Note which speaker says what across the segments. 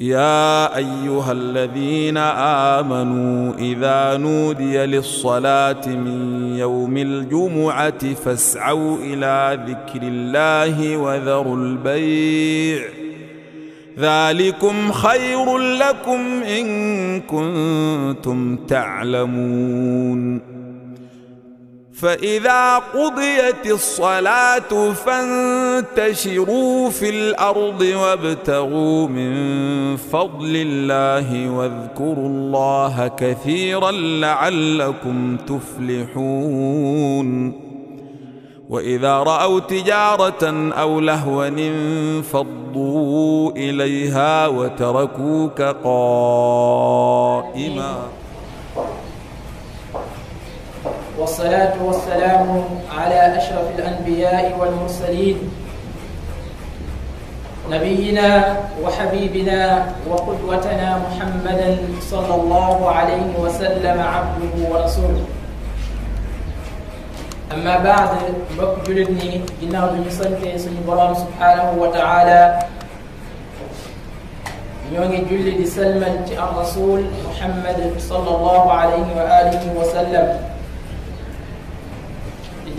Speaker 1: يا ايها الذين امنوا اذا نودي للصلاه من يوم الجمعه فاسعوا الى ذكر الله وذروا البيع ذلكم خير لكم ان كنتم تعلمون فاذا قضيت الصلاه فانتشروا في الارض وابتغوا من فضل الله واذكروا الله كثيرا لعلكم تفلحون واذا راوا تجاره او لهوا انفضوا اليها وتركوك قائما والصلاة والسلام على أشرف الأنبياء والمرسلين نبينا وحبيبنا وقدوتنا محمدا صلى الله عليه وسلم عبده ورسوله أما بعد mbokk jullit ñi ginnaaw bi ñu sante suñu boroom subhaanahu wa taala ñoo ngi julli di salman ci ar rasul muhammad sallallahu alayhi wa alihi wa sallam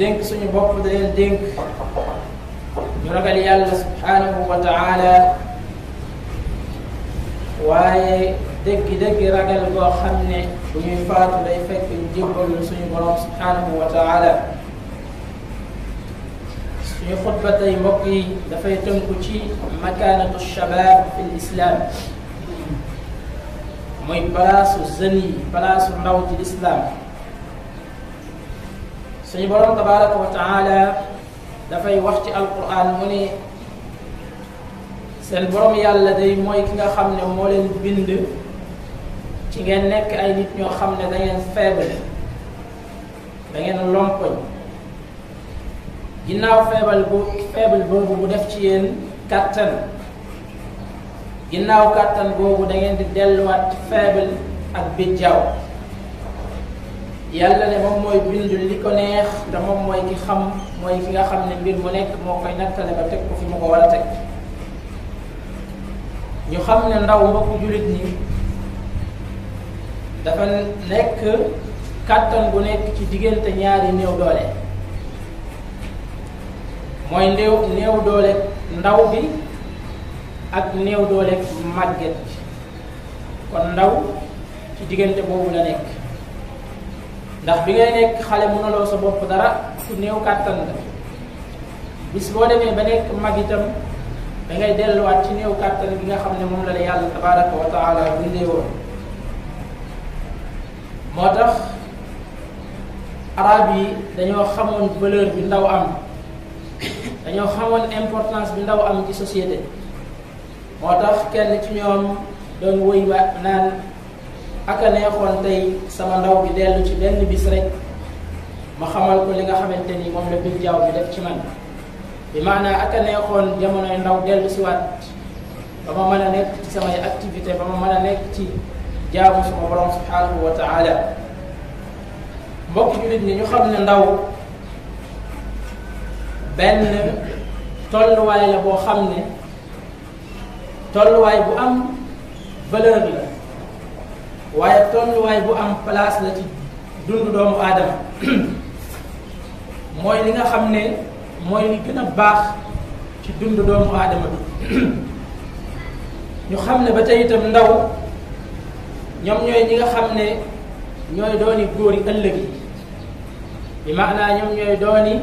Speaker 1: dénk suñu bopp da leen dénk ñu ragal yàlla subhaanahu wa taala waaye dëgg-dëgg ragal goo xam ne bu ñuy faatu day fekk ñu jébbalu suñu borom subhaanahu wa taala suñu xutba tey mbokk yi dafay tënku ci makaanatu shabaab fi lislaam mooy palaasu jeunes yi palaasu ndaw ci lislaam suñu borom tabaraka wa dafay wax ci alquran mu ni seen borom yàlla day mooy ki nga xam ne moo leen bind ci ngeen nekk ay nit ñoo xam ne da ngeen faible da lompoñ ginnaaw faible bu faible boobu bu def ci yéen kàttan ginnaaw kàttan boobu dangeen di delluwaat faible ak bijjaaw yàlla ne moom mooy bind li ko neex te moom mooy gi xam mooy ki nga xam ne mbir mu nekk moo koy nattale ba teg ko fi mu ko war a teg ñu xam ne ndaw mbokku jullit ñi dafa nekk kàttan bu nekk ci diggante ñaari néew doole mooy néew néew doole ndaw bi ak néew doole màgget bi kon ndaw ci diggante boobu la nekk ndax bi ngay nekk xale mënaloo sa bopp dara ku néew kàttan nga bis boo demee ba nekk mag itam da ngay delluwaat ci néew kàttan bi nga xam ne moom la la yàlla tabaraka wa taala bindee woon moo tax arab yi dañoo xamoon valeur bi ndaw am dañoo xamoon importance bi ndaw am ci société moo tax kenn ci ñoom doon woy wa naan aka neexoon tey sama ndaw bi dellu ci benn bis rek ma xamal ko li nga xamante ni moom la biir jaww bi def ci man bi maanaam aka neexoon jamonoy ndaw dellu si waat ba ma mën a nekk ci samay activité ba ma mën a nekk ci jaamu suma borom subhanahu wa taala mbokk jullit ñi ñu xam ne ndaw benn tolluwaay la boo xam ne tolluwaay bu am valeur la waaye tolluwaay bu am place la ci dundu doomu aadama mooy li nga xam ne mooy li gën a baax ci dundu doomu aadama bi ñu xam ne ba tey itam ndaw ñoom ñooy li nga xam ne ñooy dooni góor yi ëllëg yi bi maanaa ñoom ñooy dooni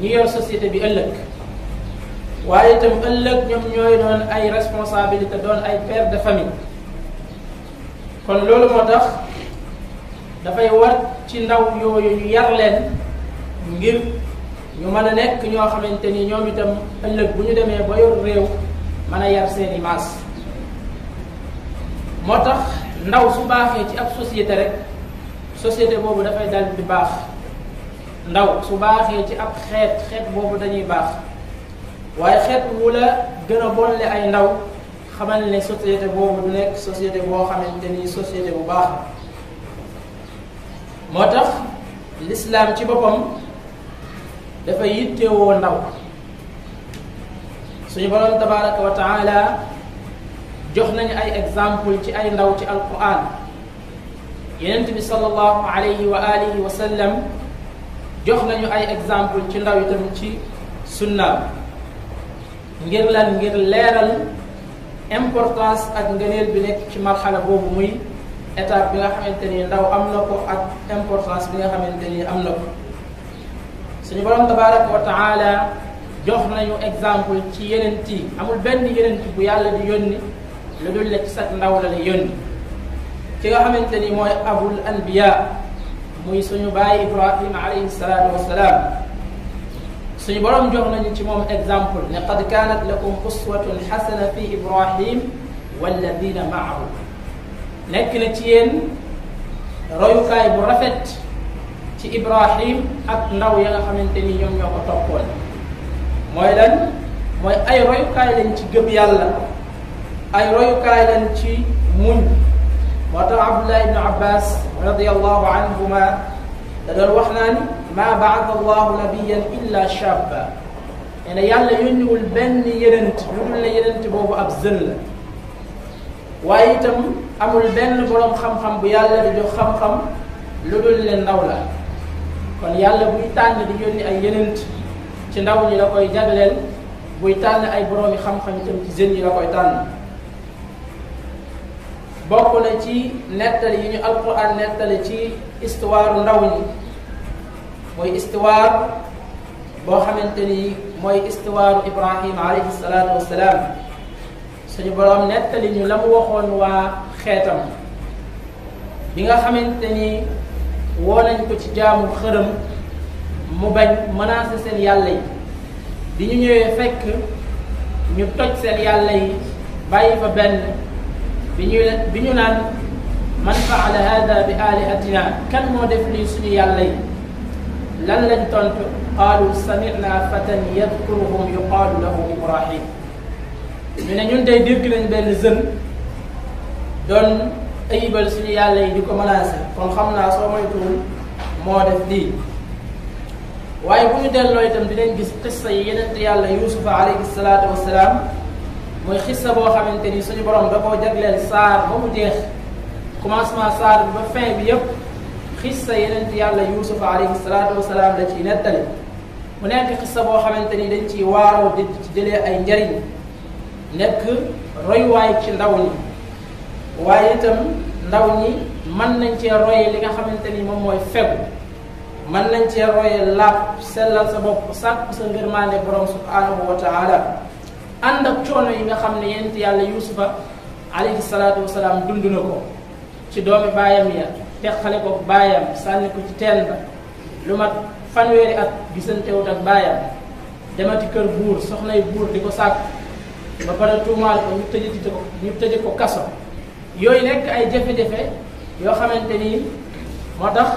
Speaker 1: ñi yor société bi ëllëg waaye itam ëllëg ñoom ñooy doon ay responsabilité doon ay père de famille kon loolu moo tax dafay war ci ndaw yooyu ñu yar leen ngir ñu mën a nekk ñoo xamante ni ñoom itam ëllëg bu ñu demee ba yor réew mën a yar seeni maas moo tax ndaw su baaxee ci ab société rek société boobu dafay dal di baax ndaw su baaxee ci ab xeet xeet boobu dañuy baax waaye xeet wu la gën a boole ay ndaw xamal ne société boobu du nekk société boo xamante ni société bu baax moo tax lislaam ci boppam dafa yittewoo ndaw suñu boroom tabaraka wa taala jox nañu ay exemple ci ay ndaw ci alquran yenent bi sallallahu alayhi wa alihi jox nañu ay exemple ci ndaw itam ci sunna ngir lan ngir leeral importance ak ngëneel bi nekk ci marxala boobu muy étape bi nga xamante ni ndaw am na ko ak importance bi nga xamante ni am na ko suñu borom tabaraka wa jox nañu exemple ci yenent yi amul benn yenent bu yàlla di yónni lu dul la ci sag ndaw la la yónni ki nga xamante ni mooy abul anbiya muy suñu baay ibrahim alayhi salaatu wassalaam suñu borom jox nañu ci moom exemple ne qad kaanat lakum uswatun xasana fi ibrahim walladina maahu nekk na ci yéen royukaay bu rafet ci ibrahim ak ndaw ya nga xamante ni ñoom ñoo ko toppoon mooy lan mooy ay royukaay lañ ci gëm yàlla ay royukaay lañ ci muñ moo tax abdullah ibnu abbas radiallahu anhuma da doon wax naa ni maa baata allahu nabiyan illa shabba nee na yàlla yónniwul benn yenent lu dul ne yenent boobu ab zën la waaye itam amul benn boroom xam-xam bu yàlla di jox xam-xam lu dul leen ndaw la kon yàlla buy tànn di yoon ay yenent ci ndaw ñi la koy jagleel buy tànn ay boroomi xam-xam itam ci jeunes yi la koy tànn bokk na ci nettali yi ñu alquran nettali ci histoire ndaw ñi mooy istiwaar boo xamante ni mooy istiwaaru Ibrahim alayhi salaatu wassalaam suñu boroom nettali ñu la mu waxoon waa xeetam bi nga xamante ni woo ko ci jaamu xërëm mu bañ menacé seen yàlla yi bi ñu ñëwee fekk ñu toj seen yàlla yi bàyyi fa benn bi ñuy bi ñu naan man faala hada bi alihatina kan moo def lii suñu yàlla yi lan lañ tontu qaalu samina fatan yadkuruhum yuqaalu lahu ibrahim ñu ne ñun day dégg nañ benn jeune doon ayibal suñu yàlla yi di ko menacé kon xam naa soo moytuwul moo def lii waaye bu ñu delloo itam dinañ gis xissa yi yeneen yàlla yuusufa alayhi salaatu wassalaam mooy xissa boo xamante ni suñu borom da koo jagleel saar ba mu bi ba fin bi yépp sa yeneen yàlla Yuusuf alayhi salaatu wa salaam la ciy nettali mu nekk xissa boo xamante ni dañ ciy waaroo di ci jëlee ay njariñ nekk royuwaay ci ndaw ñi waaye itam ndaw ñi mën nañ cee roye li nga xamante ni moom mooy fegu mën nañ cee roye laab sellal sa bopp sàkku sa ngërmaande borom subhaanahu wa taala ànd ak coono yi nga xam ne yeneen yàlla Yuusufa alayhi salaatu wa salaam dund na ko ci doomi baayam ya teqale ko baayam sànni ko ci teen ba lu mat fanweeri ak gisantewut ak baayam demati kër buur soxnay buur di ko sàkk ba pare tuumaal ko ñu tëjati ko ñu tëje ko kaso yooyu nekk ay jafe-jafe yoo xamante nii moo tax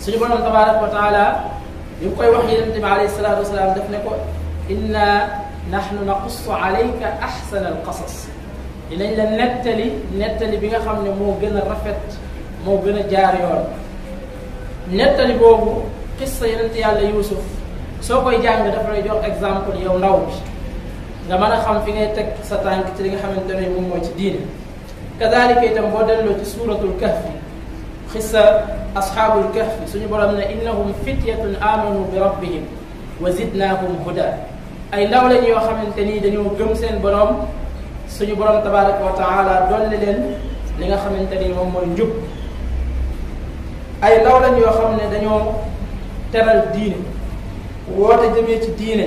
Speaker 1: suñu borom tabaraka wa taala li mu koy wax yonent bi alayhi salaatu wasalaam daf ne ko inna na naqussu alayka ahsana al qasas dinañ la nettali nettali bi nga xam ne moo gën a rafet moo gën a jaar yoon nettali boobu xissa yenent yàlla yuusuf soo koy jàng dafa lay jox exemple yow ndaw bi nga mën a xam fi ngay teg sa tànk ci li nga xamante ne moom mooy ci diine kadalika itam boo delloo ci suuratul kahfi xissa asxaabul kahfi suñu borom ne innahum fityatun amanu bi rabbihim wa zidnaahum huda ay ndaw lañ yoo xamante nii dañoo gëm seen borom suñu borom tabaraka wa taala doon leen li nga xamante ni moom mooy njub ay ndaw yoo xam ne dañoo teral diine woote jëmee ci diine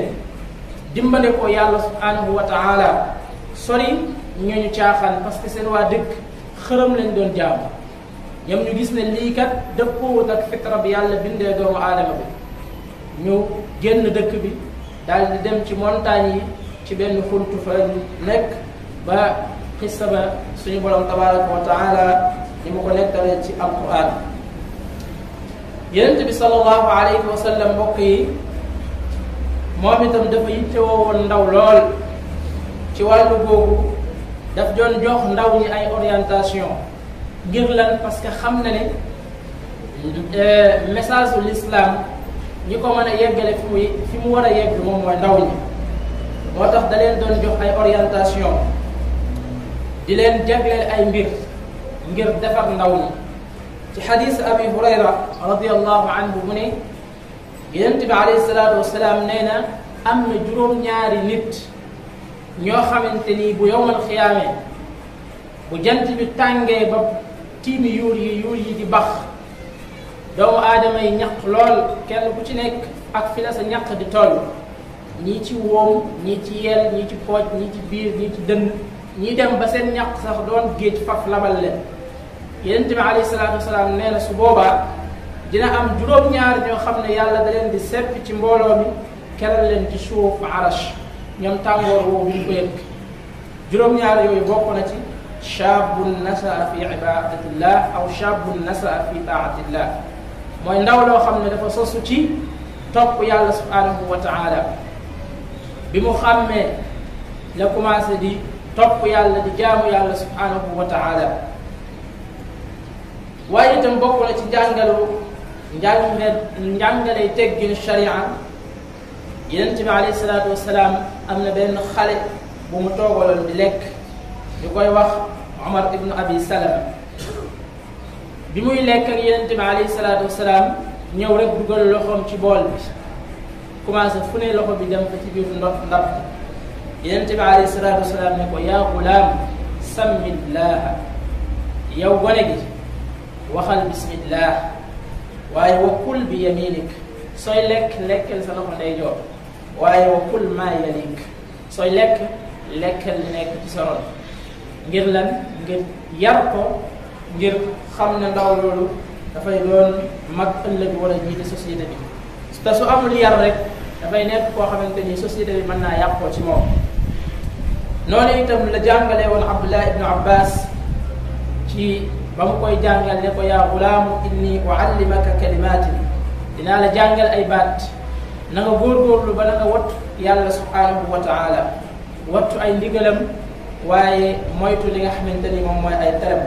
Speaker 1: dimbale ko yàlla subhanahu wa taala sori ñooñu caaxaan parce que seen waa dëkk xërëm lañ doon jaam ñoom ñu gis ne lii kat dëppoowut ak fitra bi yàlla bindee doomu aadama bi ñu génn dëkk bi daal dem ci montagne yi ci benn xuntu fa nekk ba xissa ba suñu borom tabaraka wa ni mu ko nettalee ci alquran yonent bi sallallahu alayhi wa mbokk yi moom itam dafa yittewoo woon ndaw lool ci wàllu boobu daf doon jox ndaw ñi ay orientation ngir lan parce que xam na ne euh, message u l'islam ñi ko mën a yeggale fi muy fi mu war a yegg moom mooy ndaw ñi moo tax da leen doon jox ay orientation di leen jagleel ay mbir ngir defar ndaw ñi ci xadiis abi hurayra radiallahu anhu mu ne yonent bi alayhi salaatu wasalaam nee na am na juróom-ñaari nit ñoo xamante ni bu yowmal xiyaame bu jant bi tàngee ba tiimi yuur yi yuur yi di bax doomu aadama yi ñaq lool kenn ku ci nekk ak fi la sa ñaq di toll ñii ci wóom ñii ci yel ñii ci pooj ñii ci biir ñii ci dënn ñii dem ba seen ñaq sax doon géej faf labal leen yonent bi alayhi salaatu wasalaam nee na su boobaa dina am juróom-ñaar ñoo xam ne yàlla da leen di sepp ci mbooloo mi keral leen ci suuf arash ñoom tàngoor woowu bu ñu ko juróom-ñaar yooyu bokk na ci shaabun nasaa fi ibadatillah aw shaabun nasaa fi taatillah mooy ndaw loo xam ne dafa sosu ci topp yàlla subhanahu wa taala bi mu xàmmee la commencé di topp yàlla di jaamu yàlla subhanahu wa taala waaye tam bokk na ci njàngalu njàngal njàngale teggin sharia yenent bi alayhi salaatu wasalaam am na benn xale bu mu toogaloon di lekk ñu koy wax Omar ibnu Abi Salama bi muy lekk ak yenent bi alayhi salaatu wasalaam ñëw rek dugal loxoom ci bool bi commencé fu ne loxo bi dem ko ci biir ndox ndab yenent bi alayhi salaatu wasalaam ne ko yaa gulaam sammillaaha yow gone gi waxal bismillah waaye wa bi bi yaminik sooy lekk lekkal sa loxo ndeyjoor waaye wa kul la yalik sooy lekk lekkal li nekk ci sa ron ngir lan ngir yar ko ngir xam ne ndaw loolu dafay doon mag ëllëg wala jiite société bi te su amul yar rek dafay nekk koo xamante ni société bi mën naa yàqoo ci moom noonu itam la jàngale woon Abdullah ibnu Abbas ci ba mu koy jàngal ne ko yaa gulaamu inni uallimaka kalimatin dinaa la jàngal ay baat na góor góorgóorlu ba na wattu yàlla subhaanahu wa taala wattu ay ndigalam waaye moytu li nga xamante ni moom mooy ay teram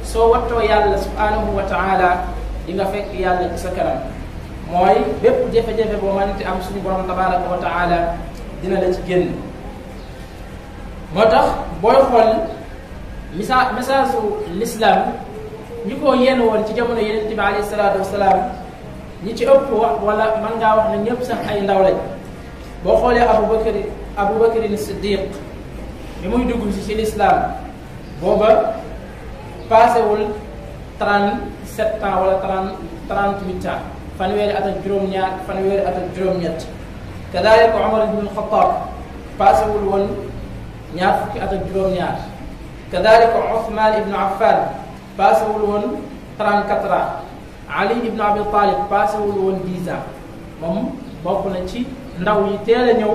Speaker 1: soo wattoo yàlla subhaanahu wa taala di nga fekk yàlla ci sa kanam mooy bépp jafe-jafe boo mënti am suñu borom tabaraka wa taala dina la ci génn moo tax booy xool message message su ñi ko yenn woon ci jamono yeneen bi alayhi salaatu wasalaam ñi ci ëpp wax wala man ngaa wax ne ñëpp sax ay ndaw lañ boo xoolee abu bakari abu bakari siddiq bi muy dugg ci ci lislaam booba paasewul trent sept ans wala trente trente huit ans fanweeri at ak juróom-ñaar fanweeri at ak juróom-ñett kadaalika Omar Xataab paasewul woon ñaar fukki at ak juróom-ñaar kadaalika Ousmane ibn Affan paasewul woon 34 ans Ali ibn Abi Talib paasewul woon 10 moom bokk na ci ndaw yi teel ñëw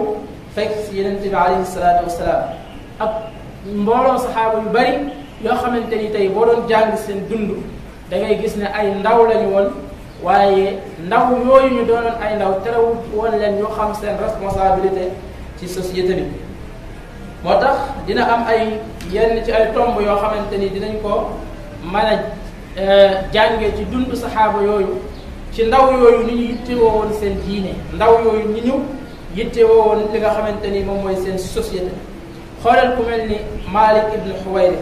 Speaker 1: fekk si yenente bi alayhi salaatu wasalaam ak mbooloo saxaaba yu bari yoo xamante ni tey boo doon jàng seen dund da ngay gis ne ay ndaw lañu woon waaye ndaw yooyu ñu doonoon ay ndaw terewul woon leen ñu xam seen responsabilité ci société bi moo tax dina am ay yenn ci ay tomb yoo xamante ni dinañ ko mën a euh, jàngee ci dund saxaaba yooyu ci ndaw yooyu ni ñu yittewoo woon seen diine ndaw yooyu ñu ñëw yittewoo woon li nga xamante ni moom mooy seen société xoolal ku mel ni Malik ibn Xuwayri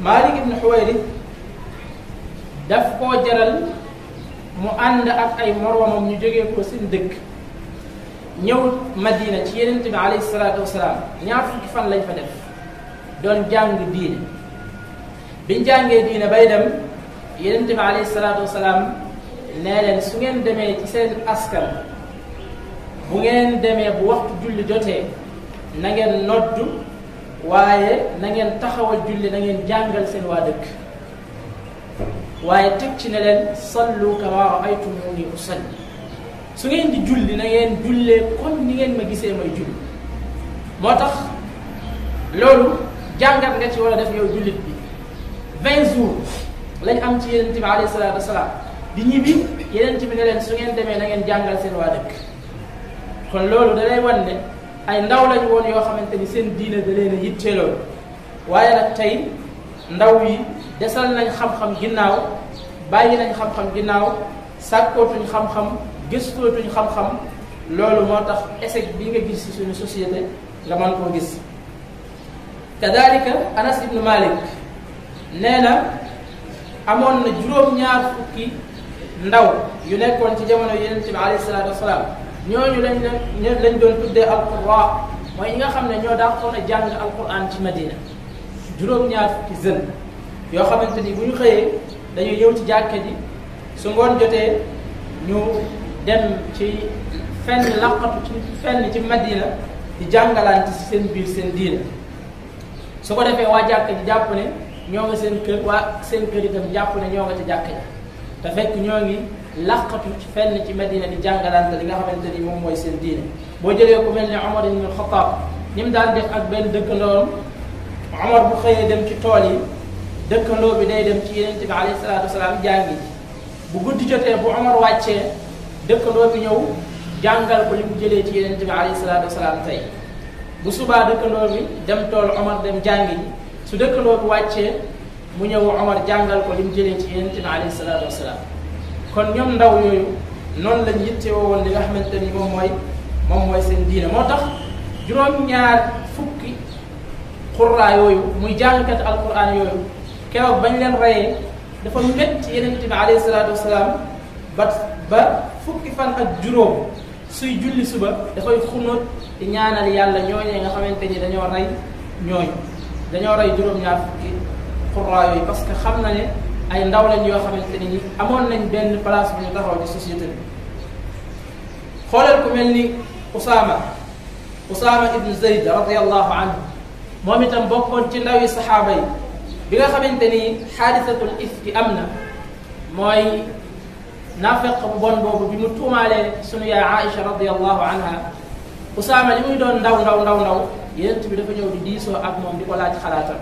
Speaker 1: Malik ibn Xuwayri daf koo jaral mu ànd ak ay moroomam ñu jógee ko seen dëkk ñëw Madina ci Yonent bi alayhi salaatu wasalaam ñaar fukki fan lañ fa def doon jàng diine biñ jàngee diine bay dem yonent bi alayhi salaatu su ngeen demee ci askan bu ngeen demee bu waxtu julli jotee na ngeen noddu waaye nangeen ngeen taxawal julli na ngeen jàngal seen waa dëkk waaye teg ci ne leen sallu kama raaytumuni usalli su ngeen di julli na ngeen jullee comme ni ngeen ma gisee may julli moo tax loolu jàngat nga ci wala def yow jullit vingt jours lañ am ci yeneen bi alayhi salaatu wasalaam di ñibbi yeneen bi ne leen su ngeen demee na ngeen jàngal seen waa dëkk kon loolu da lay wan ne ay ndaw lañ woon yoo xamante ni seen diine da leen a yittee loolu waaye nag tey ndaw yi desal nañ xam-xam ginnaaw bàyyi nañ xam-xam ginnaaw sàkkootuñ xam-xam gëstootuñ xam-xam loolu moo tax échec bi nga gis ci suñu société nga mën koo gis kadalika anas ibnu malik nee na amoon na juróom-ñaar fukki ndaw yu nekkoon ci jamono yonent bi alayhi salaatu wasalaam ñooñu lañ leen lañ doon tuddee alqurra mooy ñi nga xam ne ñoo daaxoon a jàng alquran ci madina juróom-ñaar fukki jeunes yoo xamante ni bu ñu xëyee dañuy yëw ci jàkka ji su ngoon jotee ñu dem ci fenn laqatu ci fenn ci madina di jàngalante ci seen biir seen diina su ko defee waa jàkka ji jàpp ne ñoo nga seen kër waa seen kër itam jàpp ne ñoo nga ci jàkk ja te fekk ñoo ngi làqatu ci fenn ci Medina di jàngalante li nga xamante ni moom mooy seen diine boo jëlee ku mel ne Omar ibn Khattab ni mu daan def ak benn dëkkandoom Omar bu xëyee dem ci tool yi dëkkandoo bi day dem ci Yonent bi alayhi salaatu wasalaam jàngi bu guddi jotee bu Omar wàccee dëkkandoo bi ñëw jàngal ko li mu jëlee ci Yonent bi alayhi salaatu wasalaam tey bu subaa dëkkandoo bi dem tool Omar dem jàngi ji su dëkkandoo bi wàccee mu ñëw Omar jàngal ko li mu jëlee ci yonent bi alayhi salaatu wasalaam kon ñoom ndaw yooyu noonu lañ yittewoo woon li nga xamante ni moom mooy moom mooy seen diine moo tax juróom-ñaar fukki xurraa yooyu muy jàngkat alquran yooyu keroog bañ leen reyee dafa métti ci yonent bi alayhi salaatu wasalaam ba ba fukki fan ak juróom suy julli suba dafay xunóot di ñaanal yàlla ñooñee nga xamante ni dañoo rey ñooñu. dañoo rey juróom-ñaar fukki xuraa yooyu parce que xam na ne ay ndaw lañ yoo xamante ni amoon nañ benn place bu ñu taxaw ci société bi xoolal ku mel ni Usaama Usaama ibnu Zayd radiyallahu anhu moom itam bokkoon ci ndaw saxaaba yi bi nga xamante ni xaadisatul ifki am na mooy naafeq bu bon boobu bi mu tuumaalee sunu yaay Aïcha radiyallahu anha Usaama li muy doon ndaw ndaw ndaw ndaw yonent bi dafa ñëw di diisoo ak moom di ko laaj xalaatam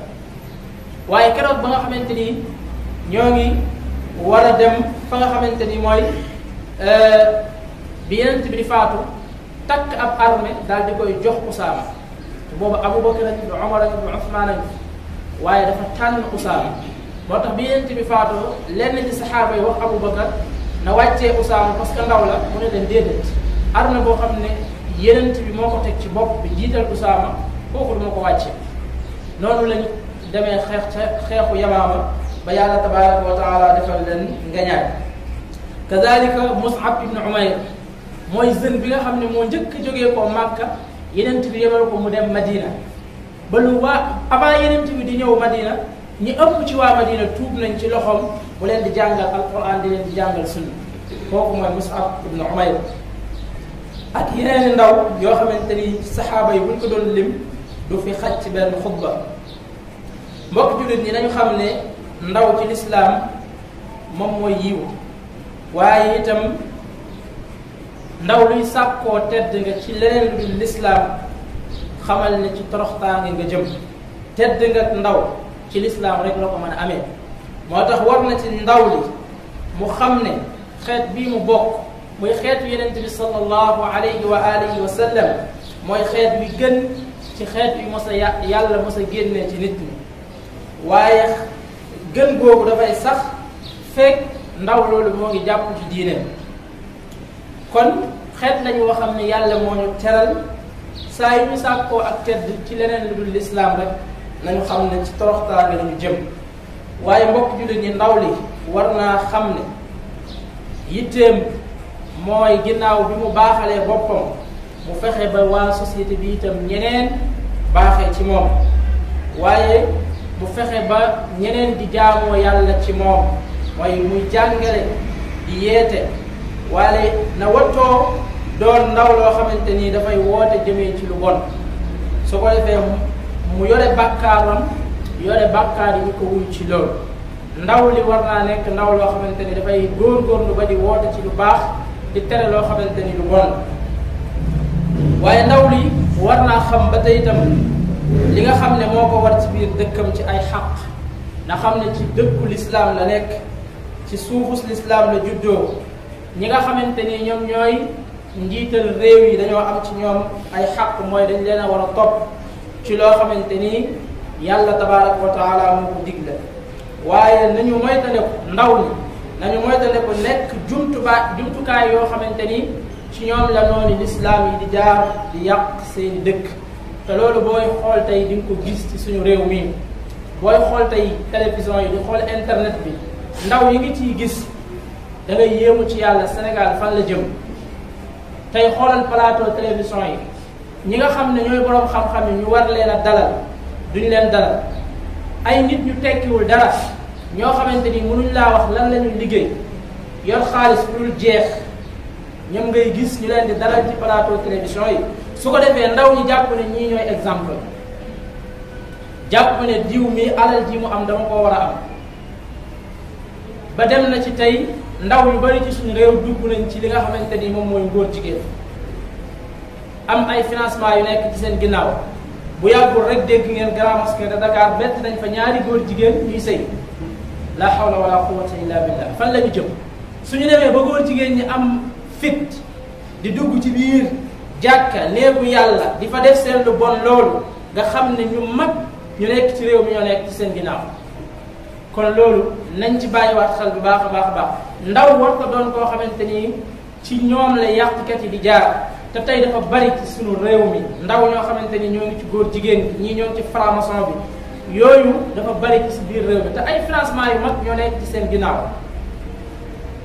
Speaker 1: waaye keroog ba nga xamante ni ñoo ngi war a dem fa nga xamante ni mooy euh, bi yonent bi di faatu takk ab armée daal di koy jox Usaama te boobu Abubakar ak Umar ak Usmaan ak waaye dafa tànn Usaama moo tax bi yonent bi faatoo lenn ci saxaaba yi wax Abubakar na wàccee Usaama parce que ndaw la mu ne leen déedéet armée boo xam ne. yenent bi moo ko teg ci bopp bi jiital Usaama kooku du ma ko wàcce noonu lañu demee xeex ca xeexu Yamaama ba yàlla tabaraka wa taala defal leen ngañaay kazalika Mus'ab ibn Umayr mooy jeune bi nga xam ne moo njëkk jóge ko koo Màkka yenent bi yemal ko mu dem Madina ba lu waa avant yenent bi di ñëw Madina ñi ëpp ci waa Madina tuub nañ ci loxoom bu leen di jàngal alquran di leen di jàngal sunna kooku mooy Mus'ab ibn Umayr ak yeneen ndaw yoo xamante ni saxaaba yi buñ ko doon lim du fi xaj ci benn xutba mbokk jullit ñi nañu xam ne ndaw ci lislaam moom mooy yiw waaye itam ndaw luy sàkkoo tedd nga ci leneen lu lislaam xamal ne ci toroxtaange nga jëm tedd nga ndaw ci lislaam rek la ko mën a amee moo tax war na ci ndaw li mu xam ne xeet bii mu bokk muy xeetu yenent bi sallallahu alayhi wa alihi wa sallam mooy xeet wi gën ci xeet yu mos a yàlla mos a génnee ci nit ñi waaye gën googu dafay sax fekk ndaw loolu moo ngi jàpp ci diine kon xeet lañu woo xam ne yàlla moo ñu teral saa yu ñu sàkkoo ak tedd ci leneen lu dul lislaam rek nañu xam ne ci toroxtaange lañu jëm waaye mbokk jullit ñi ndaw li war naa xam ne yitteem mooy ginnaaw bi mu baaxalee boppam mu fexe ba waa société bi itam ñeneen baaxee ci moom waaye mu fexe ba ñeneen di jaamoo yàlla ci moom mooy muy jàngale di yeete wale na wattoo doon ndaw loo xamante nii dafay woote jëmee ci lu bon su ko defee mu yore bàkkaaram yore bàkkaar yi ko wuy ci loolu ndaw li war naa nekk ndaw loo xamante ni dafay góorgóorlu ba di woote ci lu baax di tere loo xamante ni lu bon waaye ndaw li war naa xam ba tey itam li nga xam ne moo ko war ci biir dëkkam ci ay xaq na xam ne ci dëkku lislaam la nekk ci suufus lislaam la juddoo ñi nga xamante ni ñoom ñooy njiital réew yi dañoo am ci ñoom ay xaq mooy dañ leen a war a topp ci loo xamante ni yàlla tabaraka wa taala ko digle waaye nañu moytandiku ndaw ñi nañu ko nekk jumtubaat jumtukaay yoo xamante ni ci ñoom la noonu lislaam yi di jaar di yàq seeni dëkk te loolu booy xool tey dinga ko gis ci suñu réew mi booy xool tey télévision yi di xool internet bi ndaw yi ngi ciy gis da ngay yéemu ci yàlla Sénégal fan la jëm tey xoolal plateau télévision yi ñi nga xam ne ñooy boroom xam-xam yi ñu war leen a dalal duñu leen dalal ay nit ñu tekkiwul dara. ñoo xamante ni mënuñ laa wax lan la liggéey yor xaalis bu jeex ñoom ngay gis ñu leen di dalal ci plateau télévision yi su ko defee ndaw ñi jàpp ne ñii ñooy exemple jàpp ne diw mi alal ji mu am dama ko war a am ba dem na ci tey ndaw yu bari ci suñu réew dugg nañ ci li nga xamante ni moom mooy góor jigéen am ay financement yu nekk ci seen ginnaaw bu yàggul rek dégg ngeen Grand Mosquée de Dakar bett nañ fa ñaari góor jigéen ñuy sëy laa la hawla wala quwwata illa billah fan la ñu su ñu demee ba góor jigéen ñi am fit di dugg ci biir jàkka néegu yàlla di fa def seen lu bon loolu nga xam ne ñu mag ñu nekk ci réew mi ñoo nekk ci seen ginnaaw kon loolu nañ ci bàyyiwaat xel bu baax a baax a baax ndaw war ko doon koo xamante ni ci ñoom la yàqkat yi di jaar te tey dafa bari ci sunu réew mi ndaw ñoo xamante ni ñoo ngi ci góor jigéen ñi ñii ñoo ci franc bi yooyu dafa bari ci si biir réew bi te ay financement yu mag ñoo nekk ci seen ginnaaw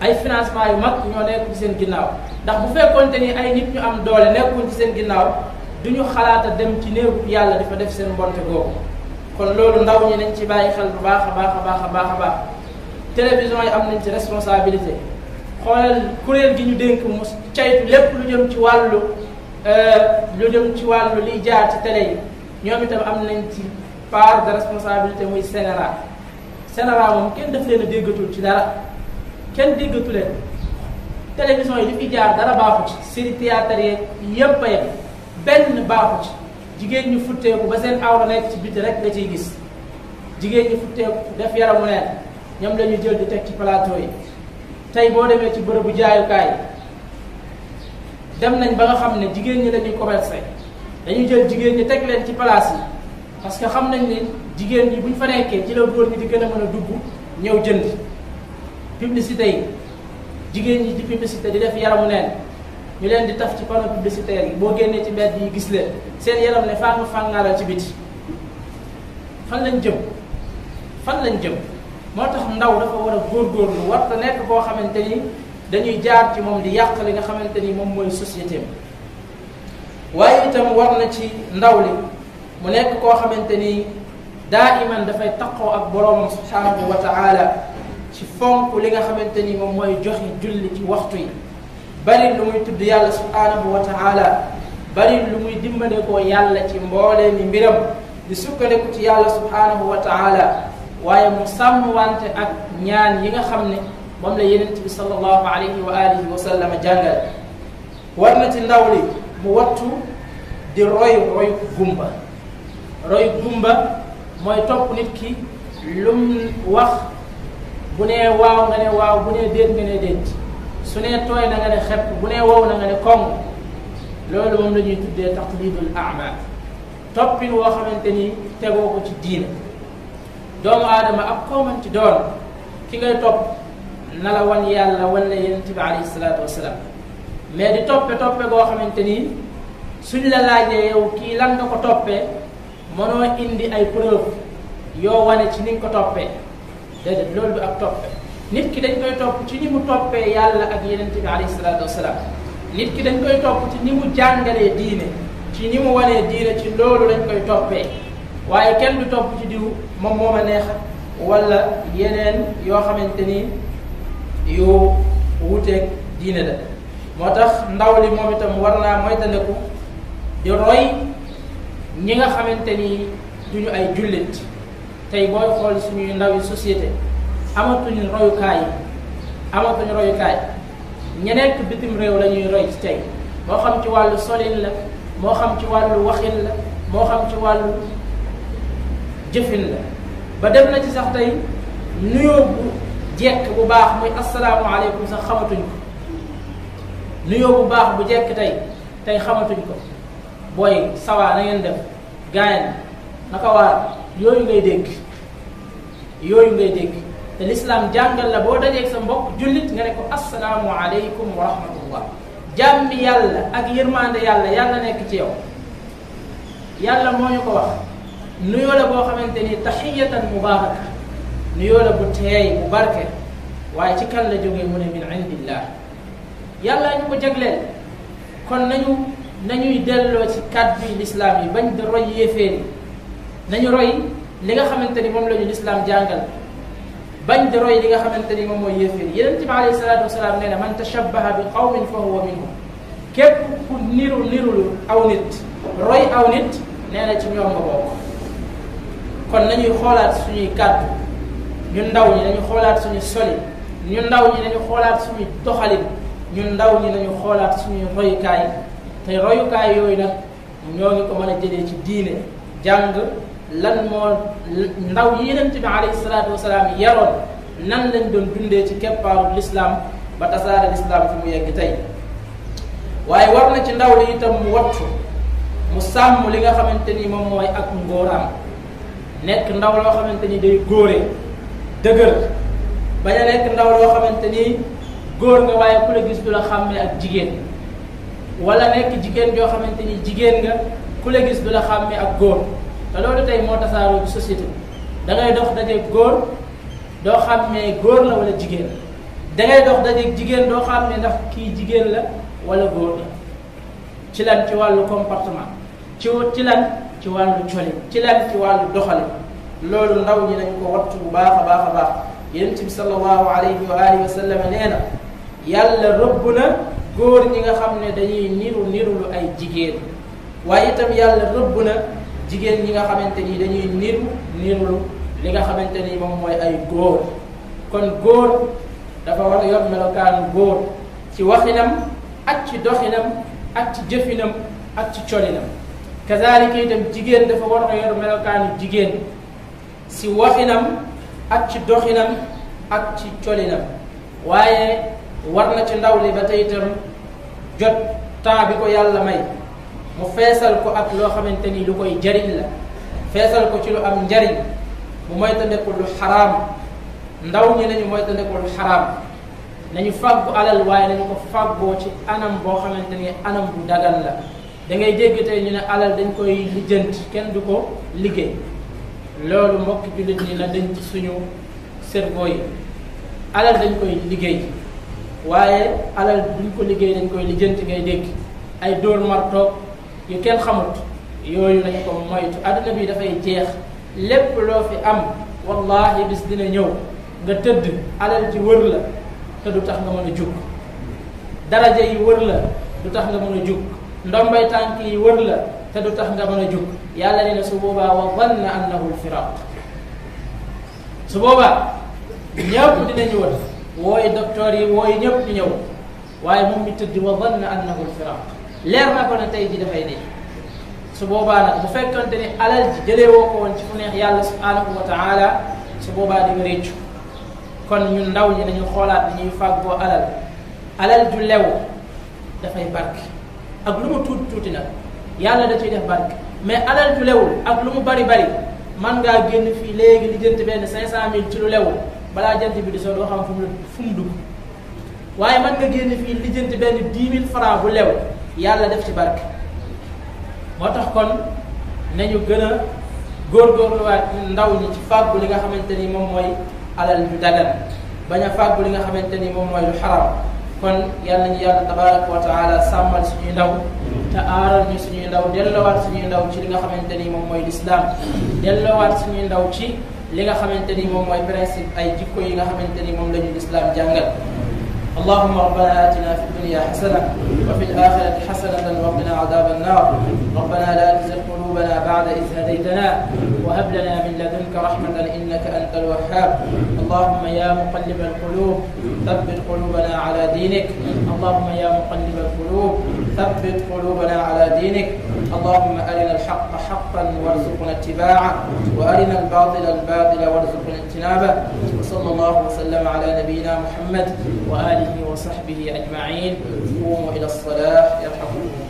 Speaker 1: ay financement yu mag ñoo nekk ci seen ginnaaw ndax bu fekkoonte ni ay nit ñu am doole nekkuñ ci seen ginnaaw ñu xalaata dem ci néegu yàlla dafa def seen mbonte googu kon loolu ndaw ñi nañ ci bàyyi xel bu baax a baax a baax a baax a baax télévision yi am nañ ci responsabilité xoolal kuréel gi ñu dénk mu caytu lépp lu jëm ci wàllu euh, lu jëm ci wàllu liy jaar ci télé yi ñoom itam am nañ ci part de responsabilité muy CNRA CNRA kenn def leen a déggatul ci dara kenn déggatu leen télévision yi li fi dara baaxu ci série théâtre yeeg yépp a yem benn baaxu ci jigéen ñu futteeku ba seen awra nekk ci biti rek nga ciy gis jigéen ñi futteeku def yaramu neen ñoom la jël di teg ci palaato yi tey boo demee ci bërëbu jaayukaay dem nañ ba nga xam ne jigéen ñi la ñuy commercer dañu jël jigéen ñi teg leen ci place yi parce que xam nañ ne jigéen ñi bu ñu fa nekkee ci la góor ñi di gën a mën a dugg ñëw jënd publicité yi jigéen ñi di publicité di def yaramu neen ñu leen di taf ci panneau publicitaire yi boo génnee ci mbedd yi gis leen seen yaram ne fang fàngaaral ci biti fan lañ jëm fan lañ jëm moo tax ndaw dafa war a góorgóorlu war ta nekk boo xamante ni dañuy jaar ci moom di yàq li nga xamante ni moom mooy société am waaye itam war na ci ndaw li mu nekk koo xamante ni daa'iman dafay taqoo ak boroomam subhaanahu wa taala ci fonk li nga xamante ni moom mooy joxe julli ci waxtu yi bari lu muy tudd yàlla subhaanahu wa taala bari lu muy dimbale koo yàlla ci mboole ni mbiram di sukkandiku ci yàlla subhaanahu wa taala waaye mu sàmm ak ñaan yi nga xam ne moom la yenent bi sallallahu alayhi wa alihi wa sallama jàngal war na ci ndaw li mu wattu di roy roy gumba roy gumba mooy topp nit ki lum wax bu nee waaw nga ne waaw bu nee déet nga ne déet su nee tooy na nga ne xepp bu nee wow na nga ne koŋ loolu moom la tuddee taqlidul amal toppin woo xamante ni tegoo ko ci diina doomu aadama ak koo mën ci doon ki ngay topp na la wan yàlla wan la yonent bi alayhi salaatu wasalaam mais di toppe toppe goo xamante ni suñ la laajee yow kii lan nga ko toppee mënoo indi ay preuve yoo wane ci ni ko toppee déedéet loolu bi ak toppe nit ki dañ koy topp ci ni mu toppee yàlla ak yenente bi alayhi salaatu wasalaam nit ki dañ koy topp ci ni mu jàngalee diine ci ni mu wanee diine ci loolu lañ koy toppee waaye kenn du topp ci diw moom moo neex wala yeneen yoo xamante ni yu wuteeg diine la moo tax ndaw li moom itam war naa moytandiku di roy ñi nga xamante ni duñu ay jullit tey booy xool suñuy ndawi société amatuñu royukaay amatuñu royukaay ñi nekk bitim réew lañuy ñuy roy ci tey moo xam ci wàllu solin la moo xam ci wàllu waxin la moo xam ci wàllu jëfin la ba dem na ci sax tey nuyoo bu jekk bu baax muy asalaamualeykum sax xamatuñ ko nuyoo bu baax bu jekk tey tey xamatuñ ko booy sawaa na ngeen def gaayan naka waar yooyu ngay dégg yooyu ngay dégg te lislaam jàngal la boo dajee sa mbokk jullit nga ne ko assalaamu aleykum wa rahmatullah jàmmi yàlla ak yërmande yàlla yàlla nekk ci yow yàlla moo ñu ko wax nuyoo la boo xamante ni taxiyatan mubaraka nuyoo la bu teey bu barke waaye ci kan la jógee mu ne min indillah yàlla ñu ko jagleel kon nañu nañuy delloo ci kàddu yi lislaam yi bañ di roy yéeféer yi nañu roy li nga xamante ni moom lañu ñu lislaam jàngal bañ di roy li nga xamante ni moom mooy yéeféer yi yeneen ci bi alayhi salaatu wasalaam nee na man tashabbaha bi qawmin fa huwa minhum képp ku niru nirulu aw nit roy aw nit nee na ci ñoom nga bokk kon nañuy xoolaat suñuy kàddu ñu ndaw ñi nañu xoolaat suñu soli ñu ndaw ñi nañu xoolaat suñuy doxalin ñu ndaw ñi nañu xoolaat suñu suñuy royukaay te royukaay yooyu nag ñoo ngi ko mën a jëlee ci diine jàng lan moo ndaw yenent bi alayhi salaatu wasalaam yaroon nan lañ doon dundee ci keppaaru lislaam ba tasaare lislaam fi mu yegg tey waaye war na ci ndaw la itam mu wattu mu sàmm li nga xamante ni moom mooy ak ngóoraam nekk ndaw loo xamante ni day góore dëgër ba a nekk ndaw loo xamante ni góor nga waaye ku la gis du la xàmmee ak jigéen wala nekk jigéen joo xamante ni jigéen nga ku la gis du la xàmme ak góor te loolu tey moo tasaaroo ci société dangay dox dajeeg góor doo xàmmee góor la wala jigéen da ngay dox dajeeg jigéen doo xàmmee ndax kii jigéen la wala góor la ci lan ci wàllu comportement ci ci lan ci wàllu colin ci lan ci wàllu doxalin loolu ndaw ñi nañ ko wattu bu baax a baax a baax yonent bi sallallahu alayhi wa alihi wa yàlla rëbb na góor ñi nga xam ne dañuy niru nirulu ay jigéen waaye itam yàlla rëbb na jigéen ñi nga xamante ni dañuy niru nirulu li nga xamante ni moom mooy ay góor kon góor dafa war a yor melokaanu góor ci waxinam ak ci doxinam ak ci jëfinam ak ci colinam kazaalika itam jigéen dafa war a yor melokaanu jigéen si waxinam ak ci doxinam ak ci colinam waaye war na ci ndaw li ba tey itam jot temps bi ko yàlla may mu feesal ko ak loo xamante ni lu koy jariñ la feesal ko ci lu am njariñ mu moytandiku lu xaraam ndaw ñi nañu moytandiku lu xaraam nañu fàggu alal waaye nañu ko fàggoo ci anam boo xamante ni anam bu dagan la da ngay dégg tey ñu ne alal dañ koy lijjanti kenn du ko liggéey loolu mbokk jullit ñi la dañ ci suñu cerveau yi alal dañ koy liggéey waaye alal ñu ko liggéey dañ koy lijjant ngay dégg ay dóor martoog yu kenn xamut yooyu nañ ko moytu àdduna bi dafay jeex lépp loo fi am wallahi bis dina ñëw nga tëdd alal ji wër la te du tax nga mën a jug daraja yi wër la du tax nga mën a jug ndombay tànk yi wër la te du tax nga mën a jug yàlla ne na su boobaa wa wanna annahu lfiraq su boobaa ñëpp dinañu wër wooy docteur yi wooy ñëpp ñu ñëw waaye moom mi tëdd wa na annahu alfiraq leer na ko ne tey ji dafay dee su boobaa nag bu fekkante ni alal ji jëlee woo ko woon ci fu neex yàlla subhanahu wa taala su boobaa di nga réccu kon ñun ndaw ñi dañu xoolaat ni ñuy fàggoo alal alal ju lew dafay barke ak lu mu tuuti tuuti nag yàlla da ciy def barke mais alal ju lewul ak lu mu bari bari man ngaa génn fii léegi li jënd benn cinq cent mille ci lu lewul balaa jant bi di soo doo xam fu fu mu dugg waaye mën nga génn fii lijjanti benn dix mille francs bu lew yàlla def ci barke moo tax kon nañu gën a góorgóorluwaat ndaw ñi ci fàggu li nga xamante ni moom mooy alal ju dagan bañ a fàggu li nga xamante ni moom mooy lu xaram kon yàlla ñu yàlla tabaraka wa sàmmal suñuy ndaw te aaral ñu suñuy ndaw delloowaat suñuy ndaw ci li nga xamante ni moom mooy lislaam delloowaat suñuy ndaw ci li nga xamante ni moom mooy principe ay jikko yi nga xamante ni moom la ñu lislaam jàngal اللهم ربنا آتنا في الدنيا حسنة وفي الآخرة حسنة وقنا عذاب النار ربنا لا تزغ قلوبنا بعد إذ هديتنا وهب لنا من لدنك رحمة إنك أنت الوهاب اللهم يا مقلب القلوب ثبت قلوبنا على دينك اللهم يا مقلب القلوب ثبت قلوبنا على دينك اللهم أرنا الحق حقا وارزقنا اتباعه وأرنا الباطل الباطل وارزقنا اجتنابه وصلى الله وسلم على نبينا محمد وآله وصحبه أجمعين قوموا إلى الصلاة يرحمكم